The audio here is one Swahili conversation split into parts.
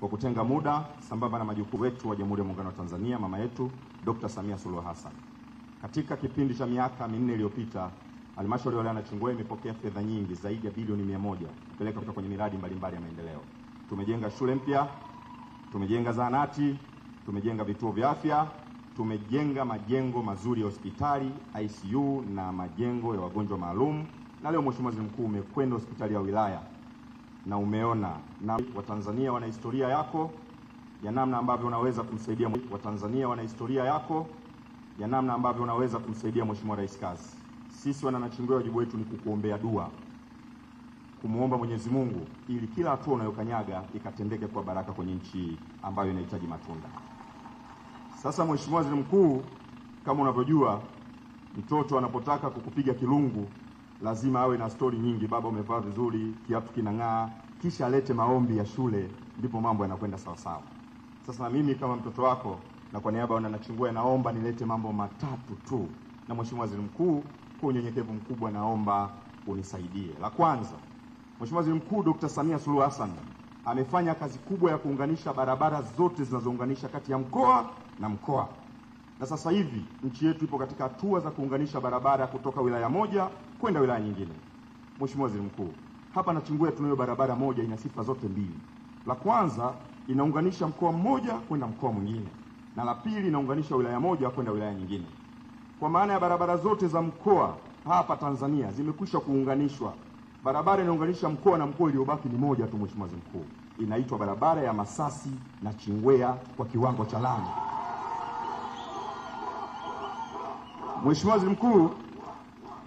kwa kutenga muda sambamba na majukuu wetu wa Jamhuri ya Muungano wa Tanzania, mama yetu Dr. Samia Suluhu Hassan. Katika kipindi cha miaka minne iliyopita, Halmashauri ya Wilaya ya Nachingwea imepokea fedha nyingi zaidi ya bilioni mia moja kupeleka kutoka kwenye miradi mbalimbali ya maendeleo. Tumejenga shule mpya, tumejenga zahanati, tumejenga vituo vya afya, tumejenga majengo mazuri ya hospitali ICU na majengo ya wagonjwa maalum, na leo Mheshimiwa Waziri Mkuu, umekwenda hospitali ya wilaya na umeona na Watanzania wana historia yako ya namna ambavyo unaweza kumsaidia Watanzania wana historia yako ya namna ambavyo unaweza kumsaidia Mheshimiwa Rais kazi. Sisi wana Nachingwea wajibu wetu ni kukuombea dua, kumwomba Mwenyezi Mungu ili kila hatua unayokanyaga ikatendeke kwa baraka kwenye nchi ambayo inahitaji matunda. Sasa Mheshimiwa Waziri Mkuu, kama unavyojua, mtoto anapotaka kukupiga kilungu lazima awe na stori nyingi. Baba umevaa vizuri, kiatu kinang'aa, kisha alete maombi ya shule, ndipo mambo yanakwenda sawasawa. Sasa mimi kama mtoto wako na kwa niaba ya Nachingwea naomba nilete mambo matatu tu, na Mheshimiwa Waziri Mkuu, kwa unyenyekevu mkubwa naomba unisaidie. La kwanza, Mheshimiwa Waziri Mkuu Dr. Samia Suluhu Hassan amefanya kazi kubwa ya kuunganisha barabara zote zinazounganisha kati ya mkoa na mkoa, na sasa hivi nchi yetu ipo katika hatua za kuunganisha barabara kutoka wilaya moja kwenda wilaya nyingine. Mheshimiwa Waziri Mkuu, hapa Nachingwea tunayo barabara moja ina sifa zote mbili. La kwanza inaunganisha mkoa mmoja kwenda mkoa mwingine, na la pili inaunganisha wilaya moja kwenda wilaya nyingine. Kwa maana ya barabara zote za mkoa hapa Tanzania zimekwisha kuunganishwa. Barabara inaunganisha mkoa na mkoa, iliyobaki ni moja tu, Mheshimiwa Waziri Mkuu, inaitwa barabara ya Masasi Nachingwea kwa kiwango cha lami. Mheshimiwa Waziri Mkuu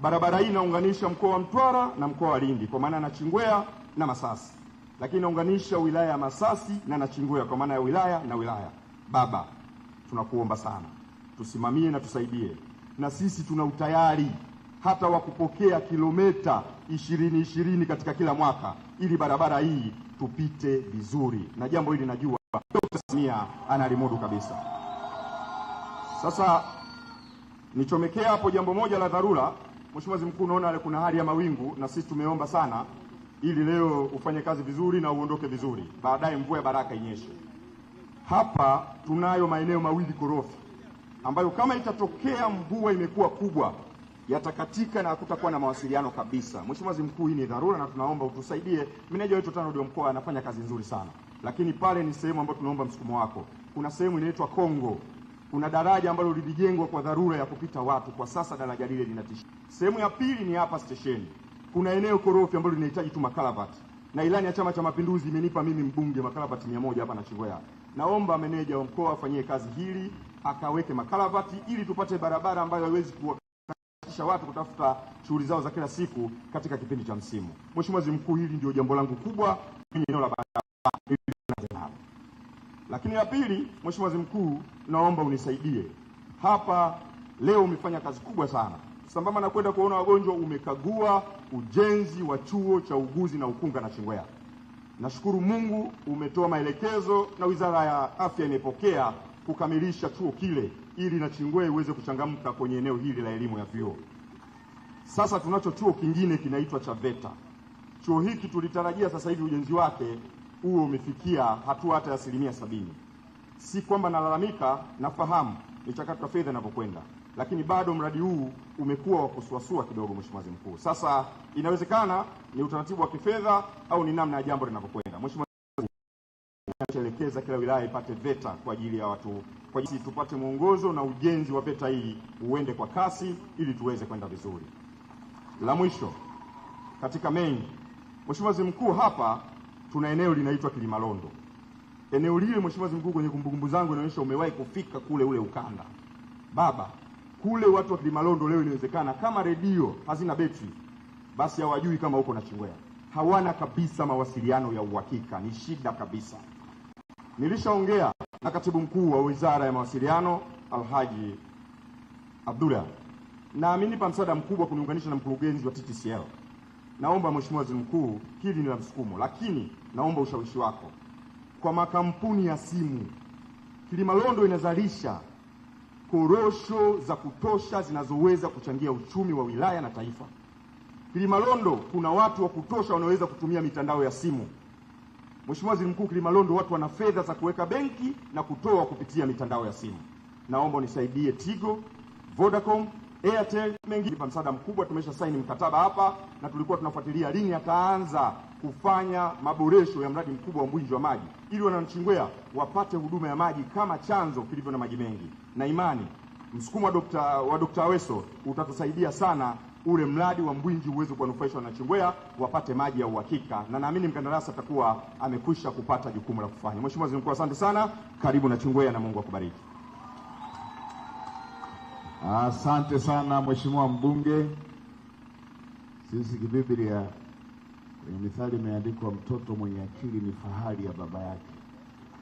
Barabara hii inaunganisha mkoa wa Mtwara na mkoa wa Lindi kwa maana ya Nachingwea na Masasi, lakini inaunganisha wilaya ya Masasi na Nachingwea kwa maana ya wilaya na wilaya. Baba, tunakuomba sana tusimamie na tusaidie, na sisi tuna utayari hata wa kupokea kilomita ishirini ishirini katika kila mwaka, ili barabara hii tupite vizuri, na jambo hili najua Dkt. Samia analimudu kabisa. Sasa nichomekea hapo jambo moja la dharura Mheshimiwa Waziri Mkuu, unaona kuna hali ya mawingu na sisi tumeomba sana ili leo ufanye kazi vizuri na uondoke vizuri, baadaye mvua ya baraka inyeshe. Hapa tunayo maeneo mawili korofi ambayo kama itatokea mvua imekuwa kubwa yatakatika na hakutakuwa na mawasiliano kabisa. Mheshimiwa Waziri Mkuu, hii ni dharura na tunaomba utusaidie. Meneja wetu TANROADS wa mkoa anafanya kazi nzuri sana, lakini pale ni sehemu ambayo tunaomba msukumo wako. Kuna sehemu inaitwa Kongo, kuna daraja ambalo lilijengwa kwa dharura ya kupita watu, kwa sasa daraja lile linatishia Sehemu ya pili ni hapa stesheni, kuna eneo korofi ambalo linahitaji tu makalavati, na ilani ya Chama cha Mapinduzi imenipa mimi mbunge makalavati mia moja hapa Nachingwea. Naomba meneja wa mkoa afanyie kazi hili akaweke makalavati ili tupate barabara ambayo haiwezi kuwakatisha watu kutafuta shughuli zao za kila siku katika kipindi cha msimu. Mheshimiwa Waziri Mkuu, hili ndio jambo langu kubwa kwenye eneo la barabara. Lakini la pili, Mheshimiwa Waziri Mkuu, naomba unisaidie hapa. Leo umefanya kazi kubwa sana sambamba na kwenda kuona wagonjwa, umekagua ujenzi wa chuo cha uguzi na ukunga na chingwea Nashukuru Mungu umetoa maelekezo na Wizara ya Afya imepokea kukamilisha chuo kile ili na chingwea iweze kuchangamka kwenye eneo hili la elimu ya vyuo. Sasa tunacho chuo kingine kinaitwa cha veta Chuo hiki tulitarajia sasa hivi ujenzi wake huo umefikia hatua hata ya asilimia sabini. Si kwamba nalalamika, nafahamu michakato ya fedha inavyokwenda lakini bado mradi huu umekuwa wa kusuasua kidogo, Mheshimiwa Waziri Mkuu. Sasa inawezekana ni utaratibu wa kifedha au ni namna ya jambo linavyokwenda. Mheshimiwa elekeza kila wilaya ipate VETA kwa ajili ya watu kwa jinsi tupate mwongozo na ujenzi wa VETA hii uende kwa kasi ili tuweze kwenda vizuri. La mwisho katika mengi, Mheshimiwa Waziri Mkuu, hapa tuna eneo linaitwa Kilimalondo. Eneo lile Mheshimiwa Waziri Mkuu, kwenye kumbukumbu zangu inaonyesha umewahi kufika kule ule ukanda baba kule watu wa kilimalondo leo inawezekana, kama redio hazina betri, basi hawajui kama huko Nachingwea. Hawana kabisa mawasiliano ya uhakika, ni shida kabisa. Nilishaongea na katibu mkuu wa wizara ya mawasiliano Alhaji Abdullah na amenipa msaada mkubwa kuniunganisha na mkurugenzi wa TTCL. Naomba Mheshimiwa Waziri Mkuu, hili ni la msukumo, lakini naomba ushawishi wako kwa makampuni ya simu. kilimalondo inazalisha korosho za kutosha zinazoweza kuchangia uchumi wa wilaya na taifa. Kilimalondo kuna watu wa kutosha wanaoweza kutumia mitandao ya simu. Mheshimiwa Waziri Mkuu, Kilimalondo watu wana fedha za kuweka benki na kutoa kupitia mitandao ya simu. Naomba unisaidie Tigo, Vodacom Airtel mengi kwa msaada mkubwa, tumesha saini mkataba hapa na tulikuwa tunafuatilia lini ataanza kufanya maboresho ya mradi mkubwa wa Mbwinji wa maji ili wananchi Ngwea wapate huduma ya maji kama chanzo kilivyo na maji mengi, na imani msukumo wa dokta Aweso utatusaidia sana ule mradi wa Mbwinji uweze kuwanufaisha wananchi Ngwea wapate maji ya uhakika, na naamini mkandarasi atakuwa amekwisha kupata jukumu la kufanya. Mheshimiwa Waziri Mkuu, asante sana, karibu na Chingwea na Mungu akubariki. Asante sana mheshimiwa mbunge. Sisi kibiblia kwenye mithali imeandikwa, mtoto mwenye akili ni fahari ya baba yake.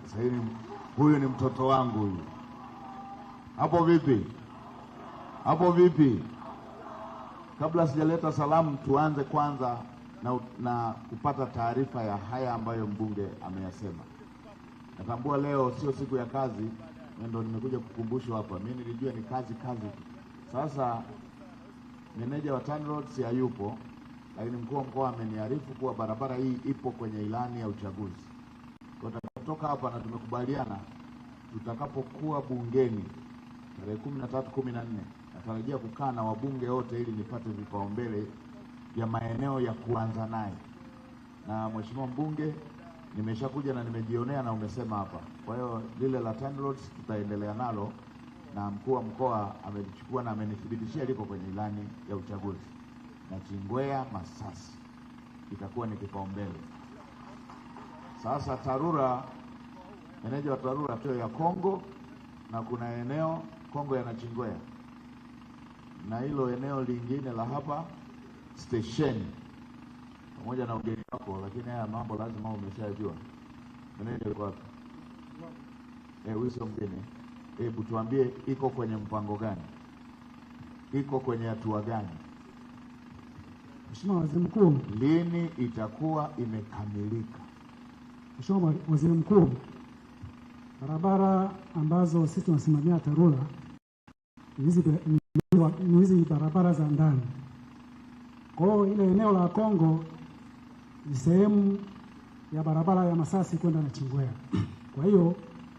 Sasa hivi huyu ni mtoto wangu huyu. Hapo vipi? Hapo vipi? Kabla sijaleta salamu, tuanze kwanza na, na kupata taarifa ya haya ambayo mbunge ameyasema. Natambua leo sio siku ya kazi na ndio nimekuja kukumbushwa hapa. Mimi nilijua ni kazi kazi tu. Sasa meneja wa TANROADS hayupo, lakini mkuu wa mkoa ameniarifu kuwa barabara hii ipo kwenye ilani ya uchaguzi. Tutatoka hapa na tumekubaliana, tutakapokuwa bungeni tarehe kumi na tatu kumi na nne natarajia kukaa na wabunge wote ili nipate vipaumbele vya maeneo ya kuanza naye na mheshimiwa mbunge nimeshakuja na nimejionea na umesema hapa. Kwa hiyo lile la TANROADS tutaendelea nalo na mkuu wa mkoa amelichukua na amenithibitishia liko kwenye ilani ya uchaguzi, na Chingwea Masasi itakuwa ni kipaumbele. Sasa TARURA, meneja wa TARURA tio ya Kongo na kuna eneo Kongo yana Chingwea na hilo eneo lingine la hapa stesheni pamoja na ugeni wako, lakini haya mambo lazima umeshajua. Mwenendo yuko wapi? Eh, huyu sio mgeni. Hebu tuambie iko kwenye mpango gani? Iko kwenye hatua gani? Mheshimiwa Waziri Mkuu, lini itakuwa imekamilika? Mheshimiwa Waziri Mkuu, barabara ambazo sisi tunasimamia TARURA ni hizi barabara za ndani. Kwa hiyo ile eneo la Kongo ni sehemu ya barabara ya Masasi kwenda Nachingwea. Kwa hiyo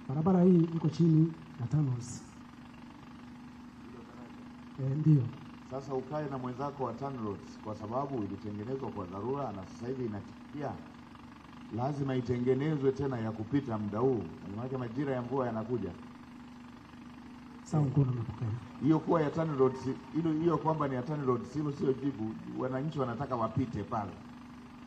barabara hii iko chini ya TANROADS. E, eh, ndio sasa ukae na mwenzako wa TANROADS kwa sababu ilitengenezwa kwa dharura na sasa hivi inatikia, lazima itengenezwe tena ya kupita muda huu, maanake majira ya mvua yanakuja. Sawa, hiyo kuwa ya TANROADS, hilo hiyo kwamba ni ya TANROADS, hilo sio jibu. Wananchi wanataka wapite pale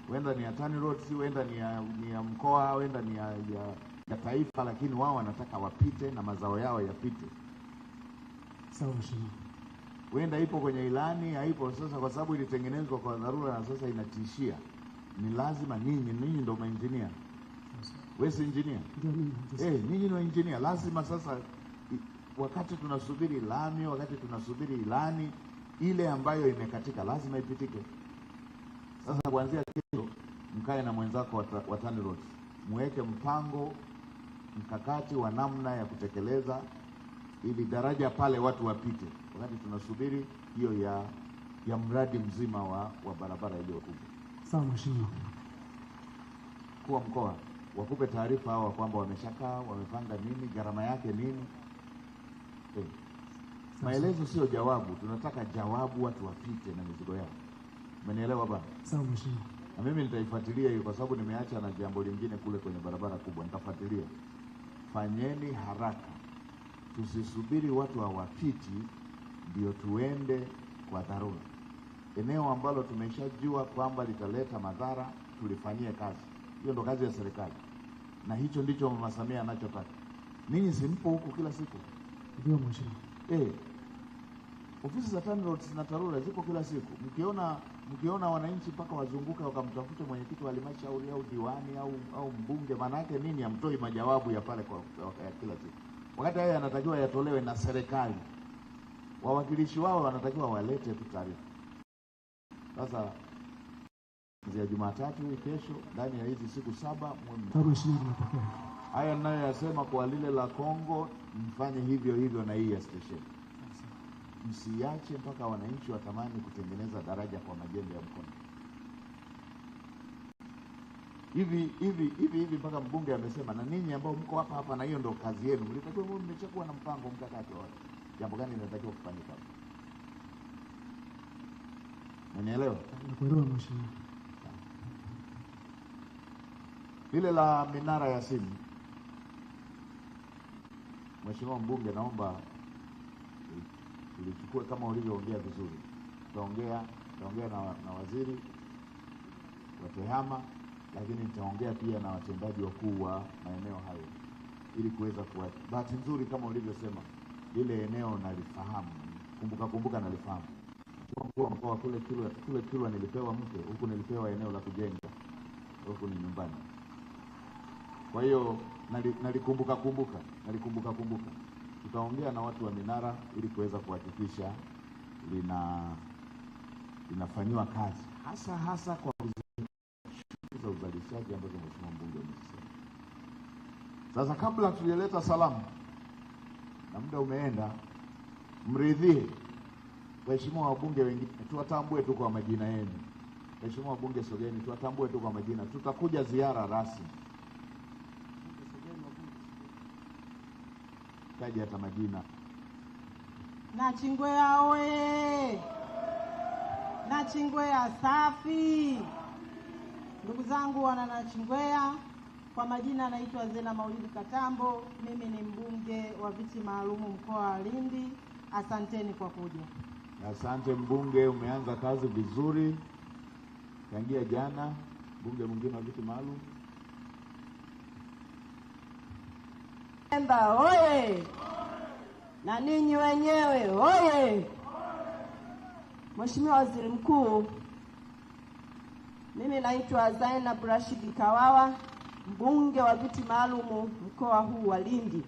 huenda ni ya TANROADS, huenda ni ya, ni ya mkoa, huenda ni ya, ya, ya taifa, lakini wao wanataka wapite na mazao yao yapite. Sawa mheshimiwa, huenda ipo kwenye ilani, haipo sasa, kwa sababu ilitengenezwa kwa dharura na sasa inatishia. Ni lazima ninyi, ninyi ndio mainjinia, wewe si injinia eh, ninyi ndio injinia, lazima sasa wakati tunasubiri lami, wakati tunasubiri ilani ile ambayo imekatika lazima ipitike. Sasa kuanzia kesho, mkae na mwenzako wa TANROADS muweke mpango mkakati wa namna ya kutekeleza ili daraja pale watu wapite, wakati tunasubiri hiyo ya, ya mradi mzima wa, wa barabara iliyo kubwa. Sawa mheshimiwa mkuu wa mkoa, wakupe taarifa hawa kwamba wameshakaa, wamepanga nini, gharama yake nini. Hey, maelezo sio jawabu, tunataka jawabu, watu wapite na mizigo yao. Umenielewa bana? Sawa mheshimiwa. Na mimi nitaifuatilia hiyo kwa sababu nimeacha na jambo lingine kule kwenye barabara kubwa, nitafuatilia. Fanyeni haraka, tusisubiri watu hawapiti ndio tuende kwa dharura. Eneo ambalo tumeshajua kwamba litaleta madhara tulifanyie kazi. Hiyo ndo kazi ya serikali, na hicho ndicho Mama Samia anachotaka. Ninyi simpo huku kila siku, ndio mheshimiwa eh. Ofisi za TANROADS na TARURA ziko kila siku. Mkiona mkiona wananchi mpaka wazunguka wakamtafute mwenyekiti wa halmashauri au diwani au au mbunge, maana yake nini? Hamtoi majawabu ya pale kwa, ya kila siku, wakati haya yanatakiwa yatolewe na serikali. Wawakilishi wao wanatakiwa walete tu taarifa. Sasa kuanzia Jumatatu hii kesho, ndani ya hizi siku saba haya ninayoyasema, kwa lile la Kongo mfanye hivyo hivyo na hii ya stesheni msiache mpaka wananchi watamani kutengeneza daraja kwa majembe ya mkono hivi hivi hivi hivi, mpaka mbunge amesema, na ninyi ambao mko hapa hapa, na hiyo ndio kazi yenu, mlitakiwa mwe mmeshakuwa na mpango mkakati wa jambo gani linatakiwa kufanyika. Unanielewa? Nakuelewa mheshimiwa. Lile la minara ya simu, mheshimiwa mbunge, naomba ilichukua kama ulivyoongea vizuri. Tutaongea tutaongea na, na waziri wa TEHAMA, lakini nitaongea pia na watendaji wakuu wa maeneo hayo ili kuweza kuwa. Bahati nzuri kama ulivyosema, lile eneo nalifahamu, kumbuka kumbuka, nalifahamu mkuu wa mkoa kule Kilwa, kule Kilwa nilipewa mke, huku nilipewa eneo la kujenga, huku ni nyumbani. Kwa hiyo nalikumbuka kumbuka nalikumbuka kumbuka tutaongea na watu wa minara ili kuweza kuhakikisha lina linafanyiwa kazi hasa hasa kwa shughuli za uzalishaji ambazo mheshimiwa mbunge amesema. Sasa kabla tujeleta salamu na muda umeenda, mridhie waheshimiwa wabunge wengine, tuwatambue tu kwa majina yenu. Waheshimiwa wabunge, sogeni, tuwatambue tu kwa majina. Tutakuja ziara rasmi. taja hata majina. Nachingwea oye! Nachingwea safi! Ndugu zangu wana Nachingwea, kwa majina anaitwa Zena Maulidi Katambo, mimi ni mbunge wa viti maalumu mkoa wa Lindi. Asanteni kwa kuja. Asante mbunge, umeanza kazi vizuri. changia jana mbunge mwingine wa viti maalum Pemba oye! Na ninyi wenyewe oye! Mheshimiwa Waziri Mkuu, mimi naitwa Zainab Rashidi Kawawa, mbunge wa viti maalum mkoa huu wa Lindi.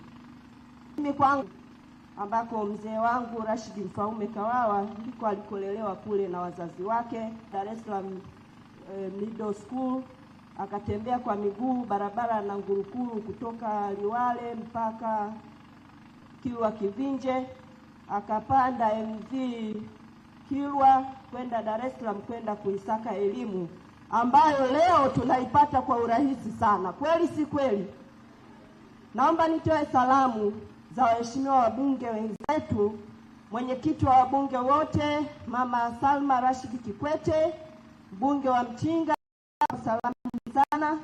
Mimi kwangu ambako mzee wangu Rashidi Mfaume Kawawa ndiko alikolelewa kule na wazazi wake Dar es Salaam eh, Middle School akatembea kwa miguu barabara ya Nangurukuru kutoka Liwale mpaka Kilwa Kivinje, akapanda MV Kilwa kwenda Dar es Salaam kwenda kuisaka elimu ambayo leo tunaipata kwa urahisi sana, kweli si kweli? Naomba nitoe salamu za waheshimiwa wabunge wenzetu, mwenyekiti wa wabunge wote, Mama Salma Rashid Kikwete, mbunge wa Mchinga Salama sana.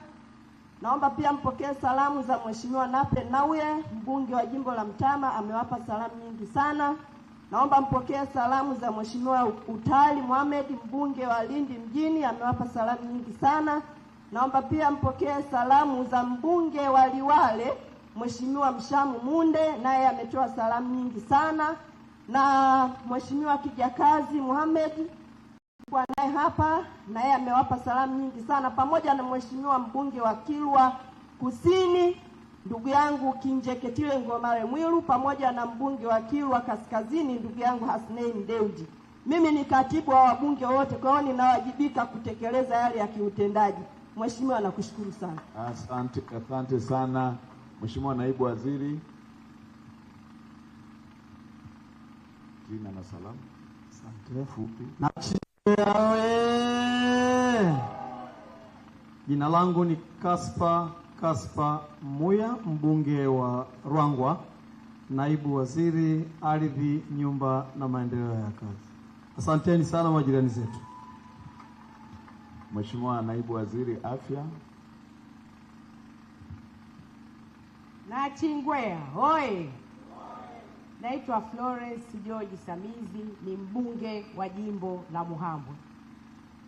Naomba pia mpokee salamu za Mheshimiwa Nape Nauye, mbunge wa jimbo la Mtama, amewapa salamu nyingi sana. Naomba mpokee salamu za Mheshimiwa Utali Mohamed, mbunge wa Lindi mjini, amewapa salamu nyingi sana. Naomba pia mpokee salamu za mbunge wa Liwale Mheshimiwa Mshamu Munde, naye ametoa salamu nyingi sana, na Mheshimiwa Kijakazi Mohamed kuwa naye hapa na yeye amewapa salamu nyingi sana, pamoja na mheshimiwa mbunge wa Kilwa Kusini ndugu yangu Kinjeketile Ngomare Mwiru, pamoja na mbunge wa Kilwa Kaskazini ndugu yangu Hasnein Deudi. Mimi ni katibu wa wabunge wote, kwa hiyo ninawajibika kutekeleza yale ya kiutendaji. Mheshimiwa, nakushukuru sana. Asante, asante sana Mheshimiwa naibu waziri, jina na salamu. Asante fupi. Jina langu ni Kaspa Kaspa Muya, mbunge wa rwangwa naibu waziri ardhi, nyumba na maendeleo ya kazi. Asanteni sana majirani zetu. Mheshimiwa naibu waziri afya. Nachingwea hoye! Naitwa Florence George Samizi, ni mbunge wa jimbo la Muhambwe.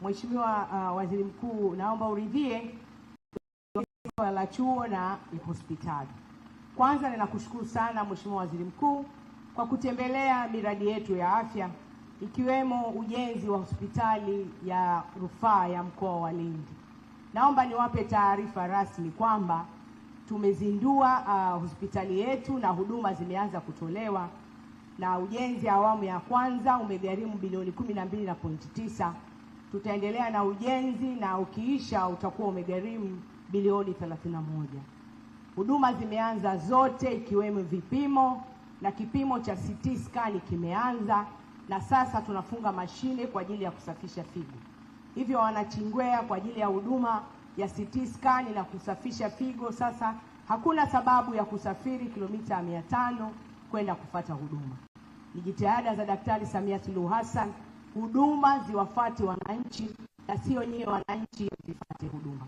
Mheshimiwa uh, Waziri Mkuu, naomba uridhie la chuo na hospitali. Kwanza ninakushukuru sana Mheshimiwa Waziri Mkuu kwa kutembelea miradi yetu ya afya ikiwemo ujenzi wa hospitali ya rufaa ya mkoa wa Lindi. Naomba niwape taarifa rasmi kwamba tumezindua uh, hospitali yetu na huduma zimeanza kutolewa, na ujenzi awamu ya kwanza umegharimu bilioni kumi na mbili na pointi tisa. Tutaendelea na ujenzi na ukiisha utakuwa umegharimu bilioni 31. Huduma zimeanza zote ikiwemo vipimo na kipimo cha CT scan kimeanza, na sasa tunafunga mashine kwa ajili ya kusafisha figo. Hivyo Wanachingwea, kwa ajili ya huduma ya CT scan na kusafisha figo, sasa hakuna sababu ya kusafiri kilomita mia tano kwenda kufata huduma. Ni jitihada za Daktari Samia Suluhu Hassan, huduma ziwafate wananchi na sio nyewe wananchi zifate huduma.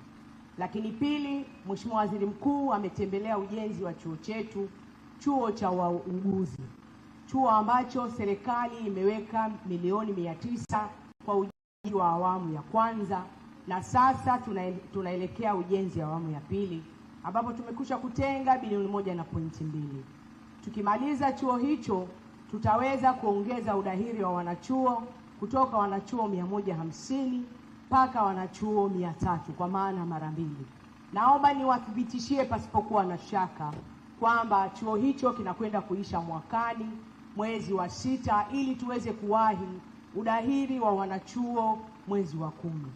Lakini pili, Mheshimiwa Waziri Mkuu ametembelea ujenzi wa chuo chetu, chuo cha wauguzi, chuo ambacho serikali imeweka milioni mia tisa kwa ujenzi wa awamu ya kwanza na sasa tunaelekea ujenzi wa awamu ya pili ambapo tumekusha kutenga bilioni moja na pointi mbili. Tukimaliza chuo hicho tutaweza kuongeza udahiri wa wanachuo kutoka wanachuo mia moja hamsini mpaka wanachuo mia tatu kwa maana mara mbili. Naomba niwathibitishie pasipokuwa na shaka kwamba chuo hicho kinakwenda kuisha mwakani mwezi wa sita ili tuweze kuwahi udahiri wa wanachuo mwezi wa kumi.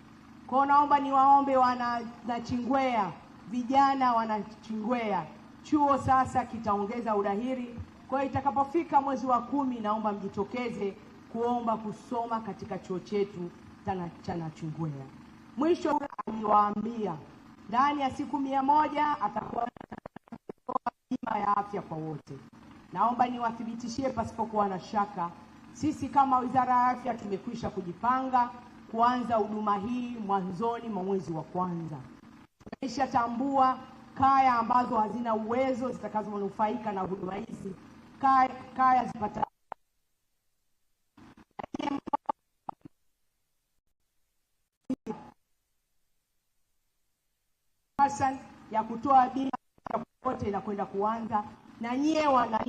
Kwa naomba niwaombe wana Nachingwea, vijana Wanachingwea, chuo sasa kitaongeza udahiri. Kwa hiyo itakapofika mwezi wa kumi, naomba mjitokeze kuomba kusoma katika chuo chetu cha Nachingwea. Mwisho aliwaambia ndani ya siku mia moja atakuwa bima ya afya kwa wote. Naomba niwathibitishie pasipokuwa na shaka, sisi kama Wizara ya Afya tumekwisha kujipanga kuanza huduma hii mwanzoni mwa mwezi wa kwanza. Tumeshatambua kaya ambazo hazina uwezo zitakazonufaika na huduma hizi, kaya, kaya zipata ya kutoa bima pote inakwenda kuanza na nyie wana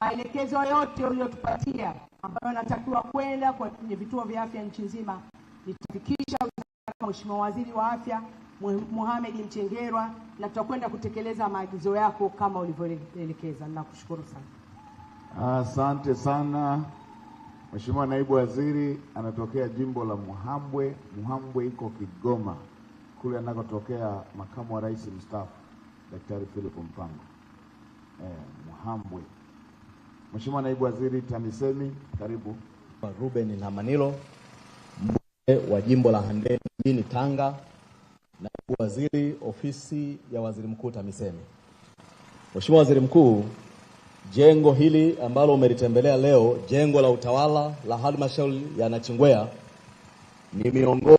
maelekezo yote uliyotupatia ambayo anatakiwa kwenda kwenye vituo vya afya nchi nzima, nitafikisha Mheshimiwa Waziri wa Afya Mohamed Mchengerwa, na tutakwenda kutekeleza maagizo yako kama ulivyoelekeza. Nakushukuru sana. Asante sana. Mheshimiwa Naibu Waziri anatokea jimbo la Muhambwe. Muhambwe iko Kigoma kule anakotokea makamu wa rais mstaafu Daktari Philip Mpango eh, Muhambwe. Mheshimiwa Naibu Waziri TAMISEMI, karibu. Ruben Namanilo, mbunge wa jimbo la Handeni mjini Tanga, Naibu Waziri Ofisi ya Waziri Mkuu TAMISEMI. Mheshimiwa Waziri Mkuu, jengo hili ambalo umelitembelea leo, jengo la utawala la halmashauri ya Nachingwea ni miongoni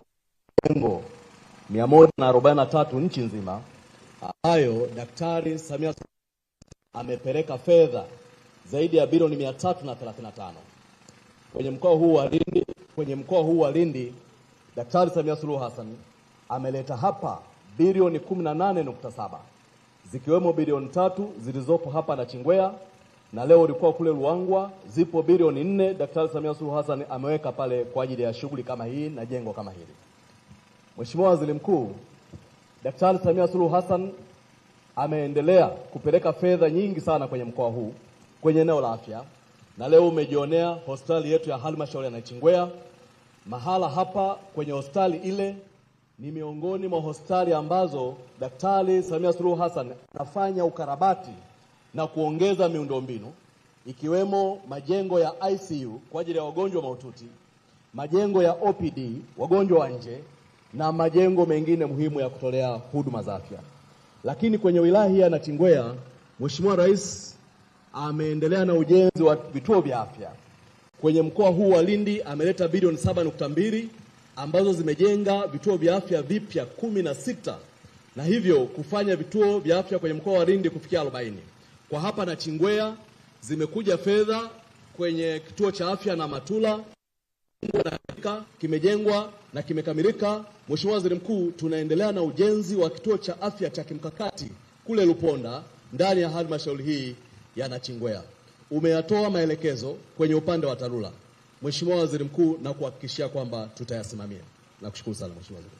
jengo 143 nchi nzima ambayo Daktari Samia amepeleka fedha zaidi ya bilioni 335. Kwenye mkoa huu wa Lindi, kwenye mkoa huu wa Lindi Daktari Samia Suluhu Hassan ameleta hapa bilioni 18.7 zikiwemo bilioni tatu zilizopo hapa na Chingwea na leo ulikuwa kule Luangwa, zipo bilioni nne Daktari Samia Suluhu Hassan ameweka pale kwa ajili ya shughuli kama hii na jengo kama hili. Mheshimiwa Waziri Mkuu, Daktari Samia Suluhu Hassan ameendelea kupeleka fedha nyingi sana kwenye mkoa huu kwenye eneo la afya, na leo umejionea hospitali yetu ya halmashauri ya Nachingwea. Mahala hapa kwenye hospitali ile ni miongoni mwa hospitali ambazo Daktari Samia Suluhu Hassan anafanya ukarabati na kuongeza miundombinu ikiwemo majengo ya ICU kwa ajili ya wagonjwa mahututi, majengo ya OPD wagonjwa wa nje, na majengo mengine muhimu ya kutolea huduma za afya. Lakini kwenye wilaya hii ya Nachingwea, Mheshimiwa Rais ameendelea na ujenzi wa vituo vya afya kwenye mkoa huu wa Lindi, ameleta bilioni mbili ambazo zimejenga vituo vya afya vipya kumi na sita na hivyo kufanya vituo vya afya kwenye mkoa wa Lindi kufikia arobaini Kwa hapa na Chingwea zimekuja fedha kwenye kituo cha afya na Matula kimejengwa na kimekamilika. Mheshimiwa Waziri Mkuu, tunaendelea na ujenzi wa kituo cha afya cha kimkakati kule Luponda ndani ya halmashauri hii yanachingwea. Umeyatoa maelekezo kwenye upande wa TARURA, Mheshimiwa Waziri Mkuu, na kuhakikishia kwamba tutayasimamia. Nakushukuru sana Mheshimiwa Waziri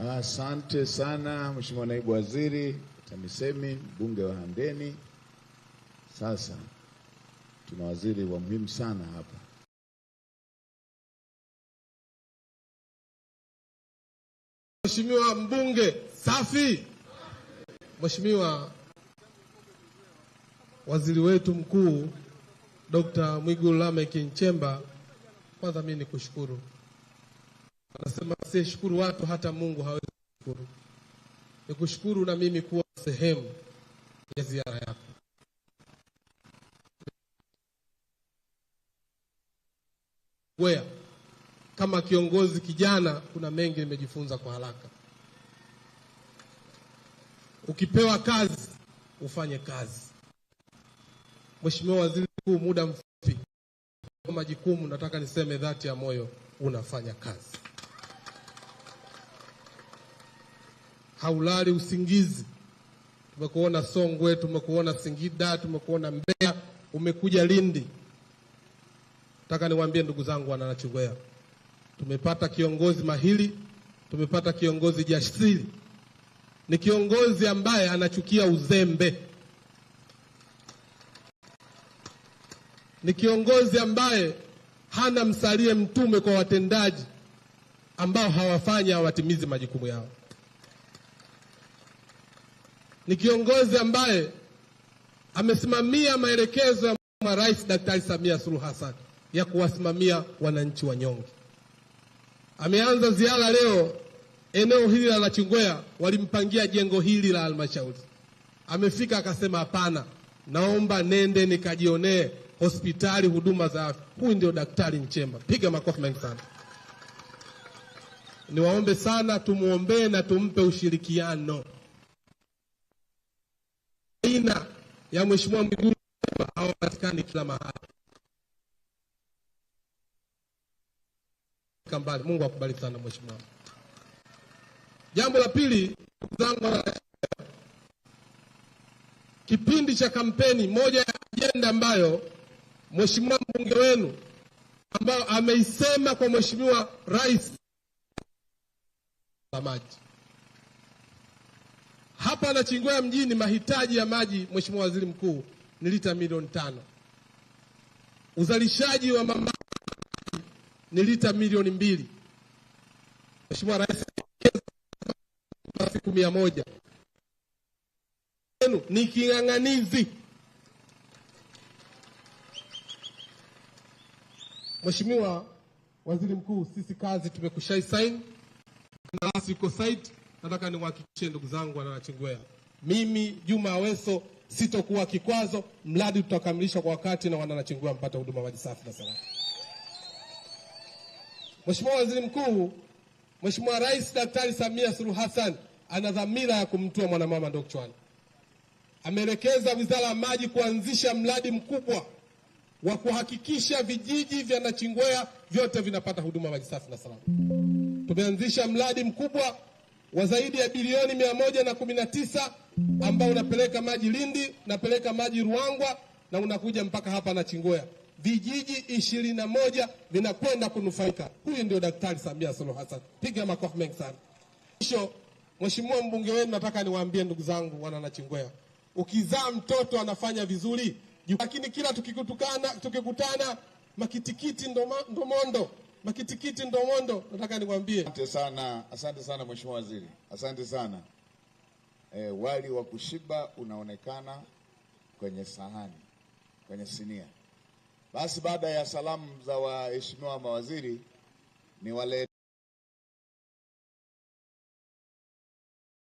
Mkuu. Asante sana Mheshimiwa Naibu Waziri TAMISEMI, mbunge wa Handeni. Sasa tuna waziri wa muhimu sana hapa. Mheshimiwa mbunge, safi. Mheshimiwa waziri wetu mkuu Dr. Mwigulu Lameck Nchemba, kwanza mimi nikushukuru. Anasema asiyeshukuru watu hata Mungu hawezi kushukuru. Nikushukuru na mimi kuwa sehemu ya ziara yako. Wea, kama kiongozi kijana, kuna mengi nimejifunza kwa haraka. Ukipewa kazi ufanye kazi Mheshimiwa Waziri Mkuu, muda mfupi majukumu, nataka niseme dhati ya moyo, unafanya kazi, haulali usingizi. Tumekuona Songwe, tumekuona Singida, tumekuona Mbeya, umekuja Lindi. Nataka niwaambie ndugu zangu wananachugwea, tumepata kiongozi mahiri, tumepata kiongozi jasiri, ni kiongozi ambaye anachukia uzembe. ni kiongozi ambaye hana msalie mtume kwa watendaji ambao hawafanya hawatimizi majukumu yao. Ni kiongozi ambaye amesimamia maelekezo ya Mheshimiwa Rais Daktari Samia Suluhu Hassan ya kuwasimamia wananchi wanyonge. Ameanza ziara leo eneo hili la Nachingwea, walimpangia jengo hili la halmashauri, amefika akasema, hapana, naomba nende nikajionee hospitali, huduma za afya. Huyu ndio daktari Nchemba, piga makofi mengi sana. Niwaombe sana tumwombee na tumpe ushirikiano. Aina ya mheshimiwa Mwigulu hawapatikani kila mahali. Kambali, Mungu akubali sana mheshimiwa. Jambo la pili, zangu kipindi cha kampeni, moja ya ajenda ambayo mheshimiwa mbunge wenu ambayo ameisema kwa mheshimiwa rais la maji hapa na mjini, mahitaji ya maji mheshimiwa waziri mkuu ni lita milioni tano, uzalishaji wa mama ni lita milioni mbili. Mheshimiwa rais siku mia moja ni king'ang'anizi Mheshimiwa Waziri Mkuu, sisi kazi na nasi uko site. Nataka niwahakikishie ndugu zangu wananachingwea, mimi Juma Aweso sitokuwa kikwazo, mradi tutakamilisha kwa wakati na wananachingwea mpata huduma maji safi na salama. Mheshimiwa Waziri Mkuu, Mheshimiwa Rais Daktari Samia Suluhu Hassan ana dhamira ya kumtua mwanamama ndo kichwani. Ameelekeza Wizara ya Maji kuanzisha mradi mkubwa wa kuhakikisha vijiji vya Nachingwea vyote vinapata huduma maji safi na salama. Tumeanzisha mradi mkubwa wa zaidi ya bilioni mia moja na kumi na tisa ambao unapeleka maji Lindi, unapeleka maji Ruangwa na unakuja mpaka hapa Nachingwea, vijiji ishirini na moja vinakwenda kunufaika. Huyu ndio Daktari Samia Suluhu Hassan, piga makofi mengi sana. Mwisho, Mheshimiwa mbunge wenu, nataka niwaambie ndugu zangu wana Nachingwea, ukizaa mtoto anafanya vizuri lakini kila tukikutukana, tukikutana makitikiti ndo mondo, makitikiti ndo mondo. Nataka nikwambie asante sana, asante sana mheshimiwa waziri, asante sana. E, wali wa kushiba unaonekana kwenye sahani, kwenye sinia. Basi baada ya salamu za waheshimiwa mawaziri ni wale